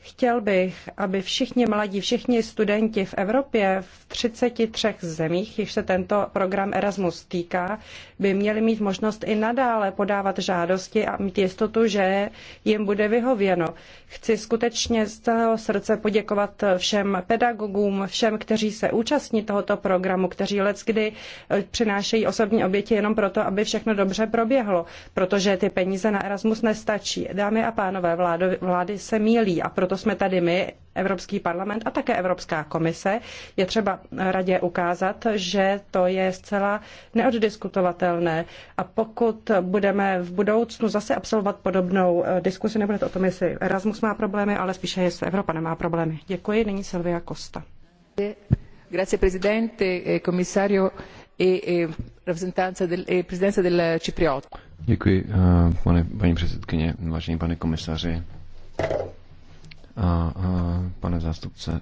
Chtěl bych, aby všichni mladí, všichni studenti v Evropě v 33 zemích, jichž se tento program Erasmus týká, by měli mít možnost i nadále podávat žádosti a mít jistotu, že jim bude vyhověno. Chci skutečně z celého srdce poděkovat všem pedagogům, všem, kteří se účastní tohoto programu, kteří leckdy eh, přinášejí osobní oběti jenom proto, aby všechno dobře proběhlo, protože ty peníze na Erasmus nestačí. Dámy a pánové, vlády se mílí a proto proto jsme tady my, Evropský parlament a také Evropská komise. Je třeba radě ukázat, že to je zcela neoddiskutovatelné. A pokud budeme v budoucnu zase absolvovat podobnou eh, diskusi, nebude to o tom, jestli Erasmus má problémy, ale spíše jestli Evropa nemá problémy. Děkuji, nyní Silvia Costa. Grazie Presidente, eh, e, e rappresentanza e Presidenza del eh, Cipriot. Děkuji, pane, paní předsedkyně, vážení pane komisaři a, a pane zástupce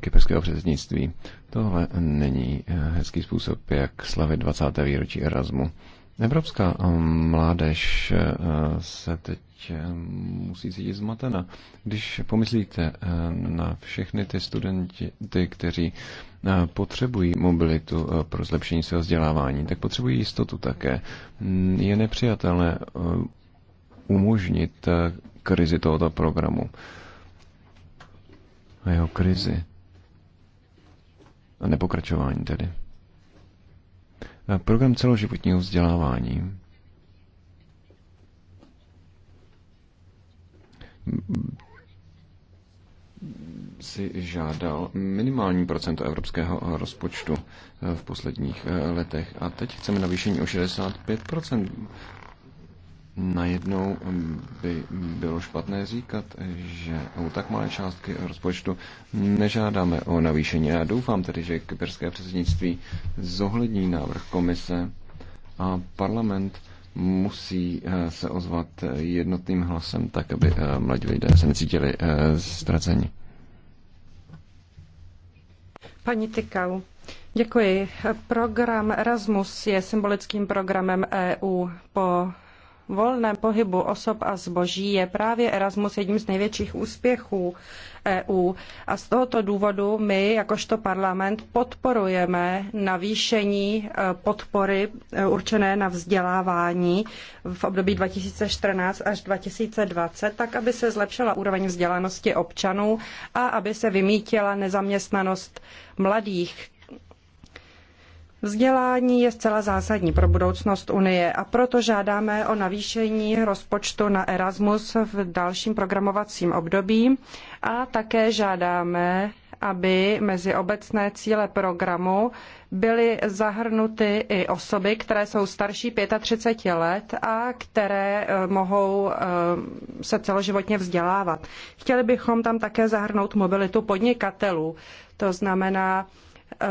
kyperského předsednictví. Tohle není e, hezký způsob, jak slavit 20. výročí Erasmu. Evropská mládež e, se teď e, musí cítit zmatena. Když pomyslíte na všechny ty studenty, ty, kteří potřebují mobilitu pro zlepšení svého vzdělávání, tak potřebují jistotu také. Je nepřijatelné umožnit krizi tohoto programu a jeho krizi. A nepokračování tedy. Program celoživotního vzdělávání si žádal minimální procento evropského rozpočtu v posledních eh, letech a teď chceme navýšení o 65% najednou um, by bylo špatné říkat, že u tak malé částky rozpočtu nežádáme o navýšení. Já doufám tedy, že kyperské předsednictví zohlední návrh komise a parlament musí eh, se ozvat jednotným hlasem, tak aby eh, mladí lidé se necítili eh, ztraceni. Pani Tykau, děkuji. Program Erasmus je symbolickým programem EU po volném pohybu osob a zboží je právě Erasmus jedním z největších úspěchů EU. A z tohoto důvodu my, jakožto parlament, podporujeme navýšení e, podpory e, určené na vzdělávání v období 2014 až 2020, tak aby se zlepšila úroveň vzdělanosti občanů a aby se vymítila nezaměstnanost mladých, Vzdělání je zcela zásadní pro budoucnost Unie a proto žádáme o navýšení rozpočtu na Erasmus v dalším programovacím období a také žádáme, aby mezi obecné cíle programu byly zahrnuty i osoby, které jsou starší 35 let a které eh, mohou eh, se celoživotně vzdělávat. Chtěli bychom tam také zahrnout mobilitu podnikatelů, to znamená, Eh,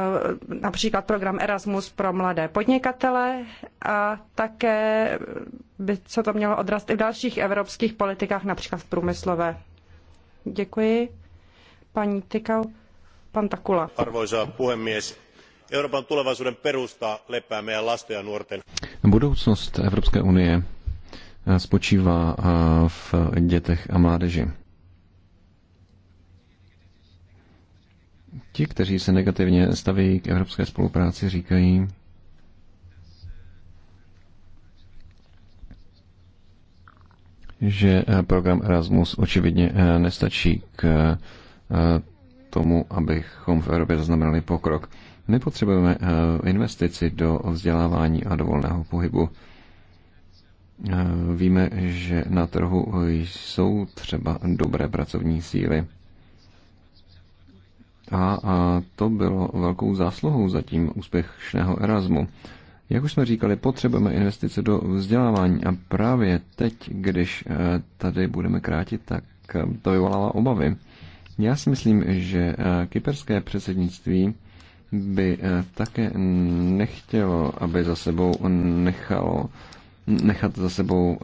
například program Erasmus pro mladé podnikatele a také by se to mělo odrazit i v dalších evropských politikách, například v průmyslové. Děkuji. Paní Tykau, pan Takula. Arvoisa puhemies. Euroopan tulevaisuuden perusta lepää meidän lasten ja nuorten. Budoucnost Evropské unie eh, spočívá eh, v dětech a mládeži. Ti, kteří se negativně staví k evropské spolupráci, říkají, že eh, program Erasmus očividně eh, nestačí k eh, tomu, abychom v Evropě zaznamenali pokrok. My potřebujeme investici do vzdělávání a do volného pohybu. Víme, že na trhu jsou třeba dobré pracovní síly. A, a to bylo velkou zásluhou zatím úspěšného Erasmu. Jak už jsme říkali, potřebujeme investice do vzdělávání a právě teď, když eh, tady budeme krátit, tak eh, to vyvolává obavy. Já si myslím, že eh, kyperské předsednictví by také nechtělo, aby za sebou nechalo, nechat za sebou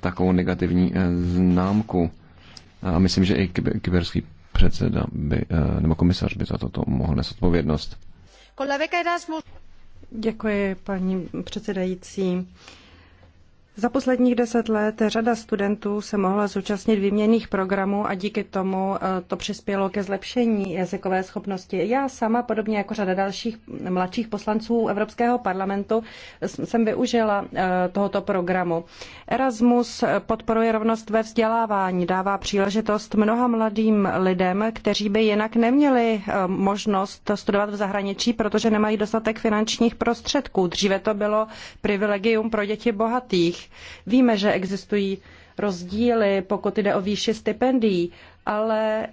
takovou negativní známku. A myslím, že i kyberský předseda by, eh, nebo komisař by za toto mohl nést odpovědnost. Děkuji, paní předsedající. Za posledních deset let řada studentů se mohla zúčastnit výměných programů a díky tomu eh, to přispělo ke zlepšení jazykové schopnosti. Já sama, podobně jako řada dalších mladších poslanců Evropského parlamentu, jsem využila eh, tohoto programu. Erasmus podporuje rovnost ve vzdělávání, dává příležitost mnoha mladým lidem, kteří by jinak neměli eh, možnost studovat v zahraničí, protože nemají dostatek finančních prostředků. Dříve to bylo privilegium pro děti bohatých zemích. Víme, že existují rozdíly, pokud jde o výši stipendií, ale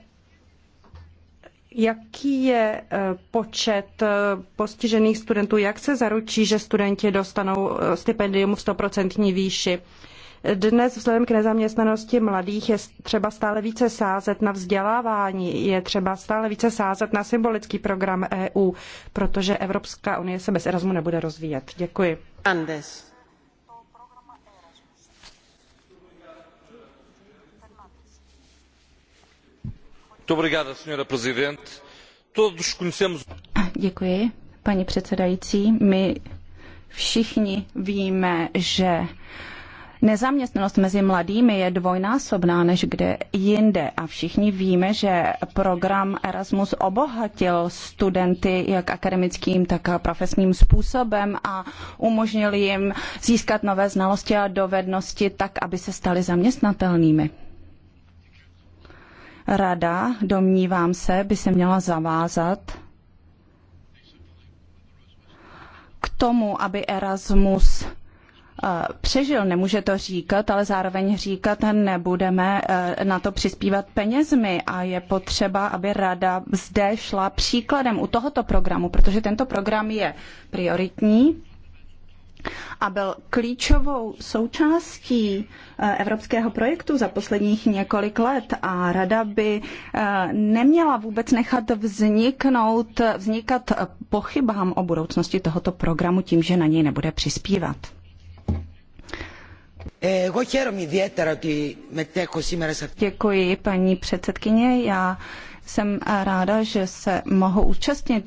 jaký je e, počet e, postižených studentů, jak se zaručí, že studenti dostanou e, stipendium v 100% výši. Dnes vzhledem k nezaměstnanosti mladých je třeba stále více sázet na vzdělávání, je třeba stále více sázet na symbolický program EU, protože Evropská unie se bez Erasmu nebude rozvíjet. Děkuji. Andes. Děkuji, paní předsedající. My všichni víme, že Nezaměstnanost mezi mladými je dvojnásobná než kde jinde a všichni víme, že program Erasmus obohatil studenty jak akademickým, tak profesním způsobem a umožnil jim získat nové znalosti a dovednosti tak, aby se stali zaměstnatelnými. Rada, domnívám se, by se měla zavázat k tomu, aby Erasmus eh, přežil, nemůže to říkat, ale zároveň říkat nebudeme eh, na to přispívat penězmi a je potřeba, aby rada zde šla příkladem u tohoto programu, protože tento program je prioritní a byl klíčovou součástí eh, evropského projektu za posledních několik let a rada by eh, neměla vůbec nechat vzniknout, vznikat pochybám o budoucnosti tohoto programu tím, že na něj nebude přispívat. Eh, Děkuji, paní předsedkyně. Já jsem ráda, že se mohu účastnit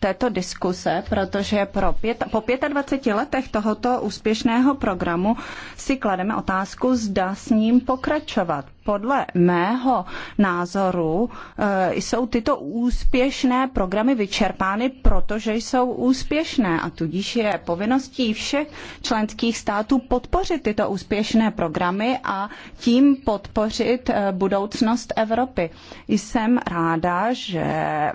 této diskuse, protože pro pět, po 25 letech tohoto úspěšného programu si klademe otázku, zda s ním pokračovat. Podle mého názoru eh, jsou tyto úspěšné programy vyčerpány, protože jsou úspěšné a tudíž je povinností všech členských států podpořit tyto úspěšné programy a tím podpořit eh, budoucnost Evropy. Jsem ráda, že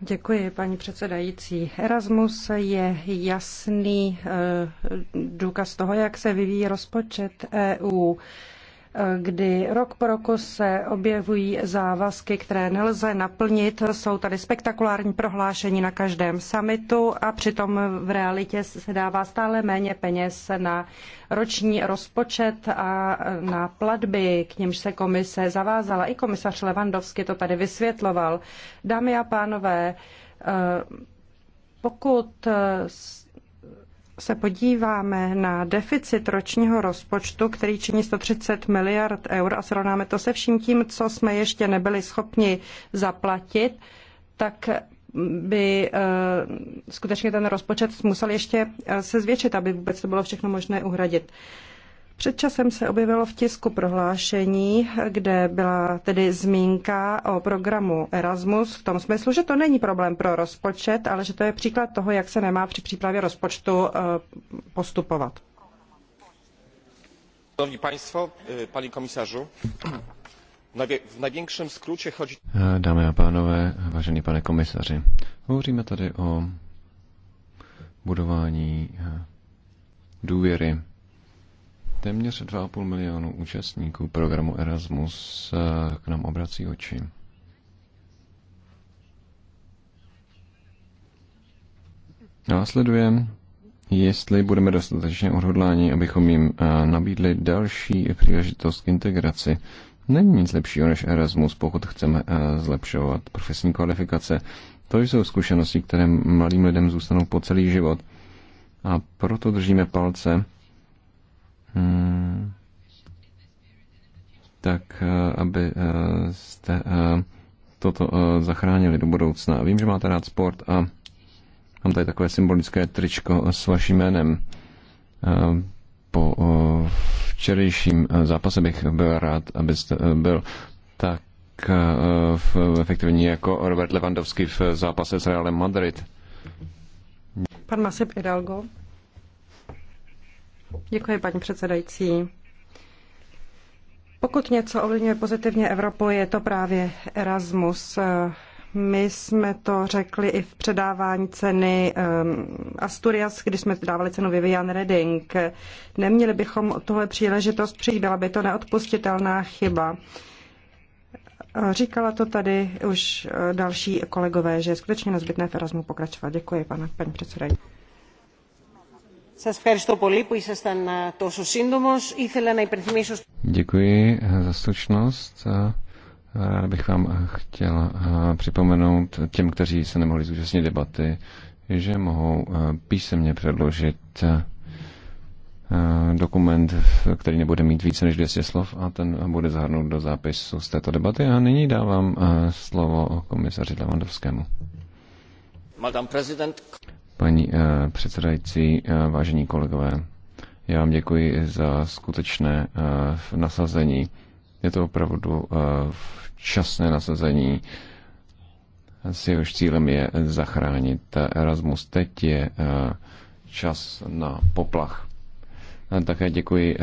Děkuji, paní předsedající. Erasmus je jasný eh, důkaz toho, jak se vyvíjí rozpočet EU kdy rok po roku se objevují závazky, které nelze naplnit. Jsou tady spektakulární prohlášení na každém summitu a přitom v realitě se dává stále méně peněz na roční rozpočet a na platby, k němž se komise zavázala. I komisař Levandovsky to tady vysvětloval. Dámy a pánové, eh, pokud se podíváme na deficit ročního rozpočtu, který činí 130 miliard eur a srovnáme to se vším tím, co jsme ještě nebyli schopni zaplatit, tak by eh, skutečně ten rozpočet musel ještě eh, se zvětšit, aby vůbec to bylo všechno možné uhradit. Před časem se objevilo v tisku prohlášení, kde byla tedy zmínka o programu Erasmus v tom smyslu, že to není problém pro rozpočet, ale že to je příklad toho, jak se nemá při přípravě rozpočtu eh, postupovat. Szanowni Państwo, e, Panie Komisarzu, v największym skrócie chodzi... E, dámy a pánové, vážený pane komisaři, hovoříme tady o budování e, důvěry téměř 2,5 milionu účastníků programu Erasmus eh, k nám obrací oči. Následuje, jestli budeme dostatečně odhodláni, abychom jim eh, nabídli další příležitost k integraci. Není nic lepšího než Erasmus, pokud chceme eh, zlepšovat profesní kvalifikace. To jsou zkušenosti, které mladým lidem zůstanou po celý život. A proto držíme palce Hmm. tak eh, aby eh, jste eh, toto zachránili do budoucna. Vím, že máte rád sport a mám tady takové symbolické tričko s vaším jménem. Po včerejším zápase bych byl rád, abyste byl tak efektivní jako Robert Lewandowski v zápase s Realem Madrid. Pan Masip Hidalgo. Děkuji, paní předsedající. Pokud něco ovlivňuje pozitivně Evropu, je to právě Erasmus. My jsme to řekli i v předávání ceny ehm, Asturias, kdy jsme dávali cenu Vivian Redding. Neměli bychom o tuhle příležitost přijít, byla by to neodpustitelná chyba. Říkala to tady už eh, další kolegové, že je skutečně nezbytné v Erasmu pokračovat. Děkuji, pane, paní předsedající. Děkuji za stručnost. Rád bych vám chtěl připomenout těm, kteří se nemohli zúčastnit debaty, že mohou e, písemně předložit e, e, dokument, který nebude mít více než 200 slov a ten bude zahrnut do zápisu z této debaty. A nyní dávám slovo komisaři Lewandowskému. Madame President, paní eh, předsedající, eh, vážení kolegové. Já vám děkuji za skutečné eh, nasazení. Je to opravdu včasné nasazení. S jehož cílem je zachránit Erasmus. Teď je čas na poplach. Také děkuji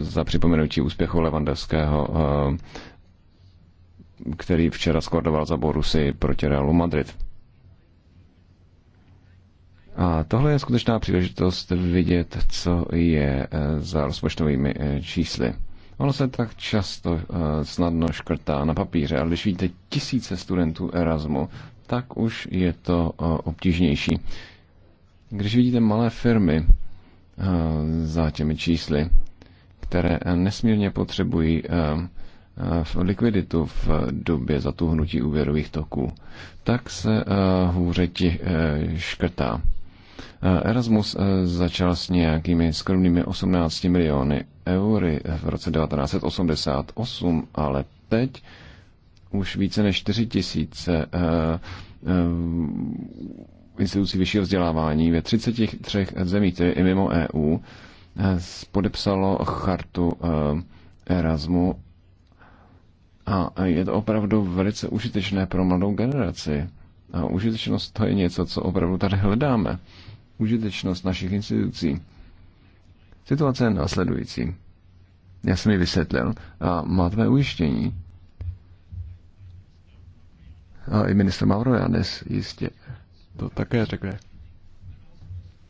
za připomenutí úspěchu Levandovského, který včera skordoval za Borusy proti Realu Madrid. A tohle je skutečná příležitost vidět, co je eh, za rozpočtovými eh, čísly. Ono se tak často eh, snadno škrtá na papíře, ale když vidíte tisíce studentů Erasmu, tak už je to obtížnější. Když vidíte malé firmy za těmi čísly, které nesmírně potřebují v likviditu v době zatuhnutí úvěrových toků, tak se hůře ti škrtá. Eh, Erasmus eh, začal s nějakými skromnými 18 miliony eury v roce 1988, ale teď už více než 4 tisíce eh, institucí vyššího vzdělávání ve 33 zemích, tedy i mimo EU, podepsalo chartu Erasmu a je to opravdu velice užitečné pro mladou generaci. A užitečnost to je něco, co opravdu tady hledáme užitečnost našich institucí. Situace je následující. Já jsem ji vysvětlil a má tvé ujištění. A i ministr Mauro Janes jistě to také řekne.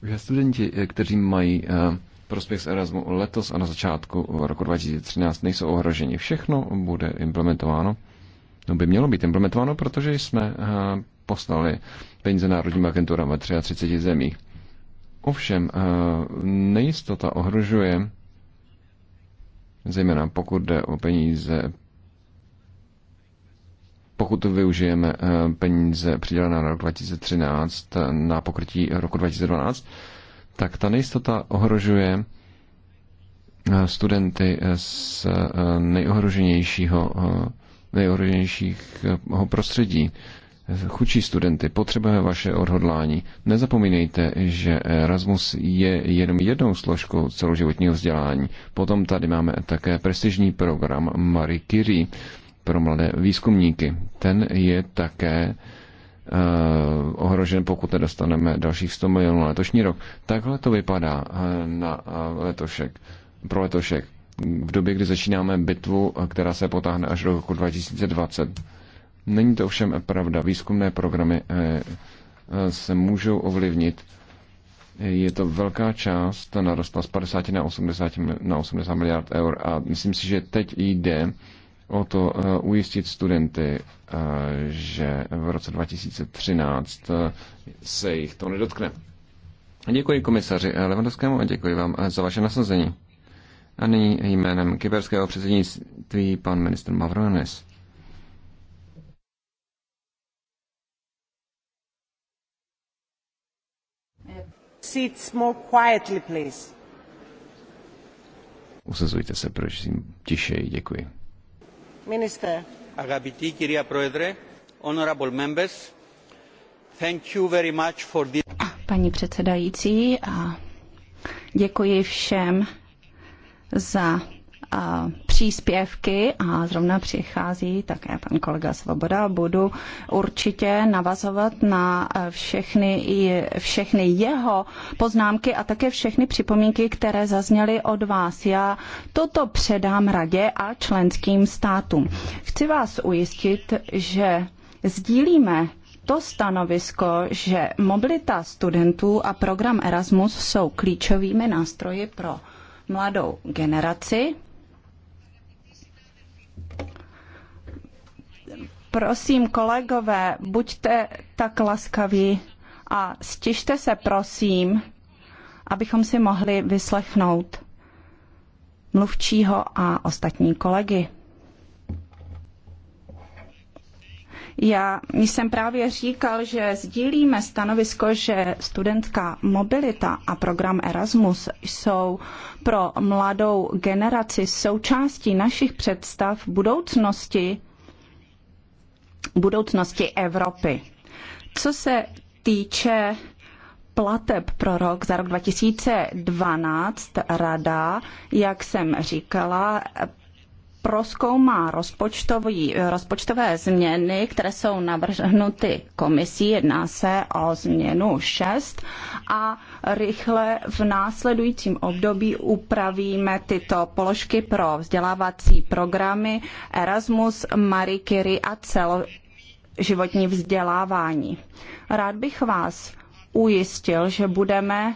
Že studenti, eh, kteří mají eh, prospěch z Erasmu letos a na začátku roku 2013 nejsou ohroženi. Všechno bude implementováno, no by mělo být implementováno, protože jsme eh, poslali peníze národním agenturám ve 33 zemích. Ovšem, eh, nejistota ohrožuje, zejména pokud jde o peníze, pokud využijeme eh, peníze přidělené na rok 2013 eh, na pokrytí roku 2012, tak ta nejistota ohrožuje studenty z nejohroženějšího nejohroženějšího prostředí chučí studenty. Potřebujeme vaše odhodlání. Nezapomínejte, že Erasmus je jenom jednou složkou celoživotního vzdělání. Potom tady máme také prestižní program Marie Curie pro mladé výzkumníky. Ten je také eh, ohrožen, pokud nedostaneme dalších 100 milionů letošní rok. Takhle to vypadá eh, na eh, letošek, pro letošek v době, kdy začínáme bitvu, která se potáhne až do roku 2020. Není to ovšem pravda. Výzkumné programy eh, eh, se můžou ovlivnit. Je to velká část, narostla z 50 na 80, na 80 miliard eur a myslím si, že teď jde o to eh, ujistit studenty, že v roce 2013 se jich to nedotkne. Děkuji komisaři Levandovskému a děkuji vám za vaše nasazení. A nyní jménem kyberského předsednictví pan ministr Mavronis. Usazujte se, prosím, tišeji, děkuji. Minister. Agapití, kyria proedre, honorable members, thank you very much for this... Paní předsedající, a děkuji všem za a, příspěvky a zrovna přichází také pan kolega Svoboda. Budu určitě navazovat na eh, všechny, všechny jeho poznámky a také všechny připomínky, které zazněly od vás. Já toto předám radě a členským státům. Chci vás ujistit, že sdílíme to stanovisko, že mobilita studentů a program Erasmus jsou klíčovými nástroji pro mladou generaci, Prosím, kolegové, buďte tak laskaví a stište se, prosím, abychom si mohli vyslechnout mluvčího a ostatní kolegy. Já jsem právě říkal, že sdílíme stanovisko, že studentská mobilita a program Erasmus jsou pro mladou generaci součástí našich představ budoucnosti budoucnosti Evropy. Co se týče plateb pro rok za rok 2012 rada, jak jsem říkala, proskoumá rozpočtové změny, které jsou navrhnuty komisí. Jedná se o změnu 6 a rychle v následujícím období upravíme tyto položky pro vzdělávací programy Erasmus, Marie Curie a celoživotní vzdělávání. Rád bych vás ujistil, že budeme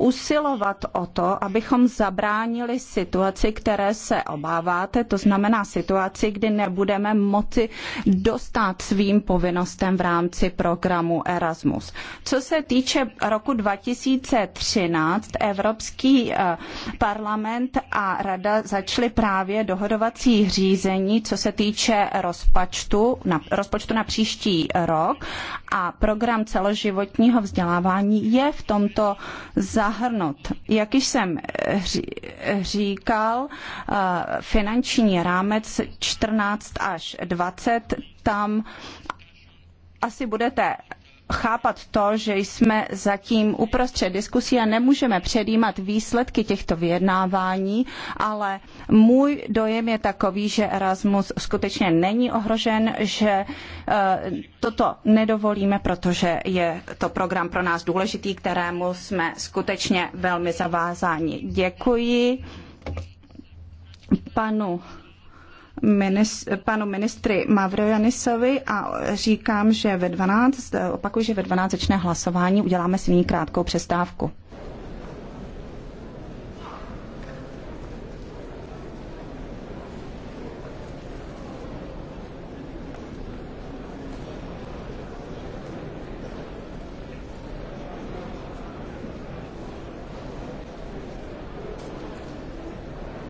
usilovat o to, abychom zabránili situaci, které se obáváte, to znamená situaci, kdy nebudeme moci dostat svým povinnostem v rámci programu Erasmus. Co se týče roku 2013, Evropský eh, parlament a rada začaly právě dohodovací řízení, co se týče rozpočtu na, rozpočtu na příští rok a program celoživotního vzdělávání je v tomto za zahrnout. Jak již jsem říkal, eh, finanční rámec 14 až 20 tam asi budete chápat to, že jsme zatím uprostřed diskusí a nemůžeme předjímat výsledky těchto vyjednávání, ale můj dojem je takový, že Erasmus skutečně není ohrožen, že eh, toto nedovolíme, protože je to program pro nás důležitý, kterému jsme skutečně velmi zavázáni. Děkuji panu minis, panu ministry Mavrojanisovi a říkám, že ve 12, opakuji, že ve 12 začne hlasování, uděláme si nyní krátkou přestávku.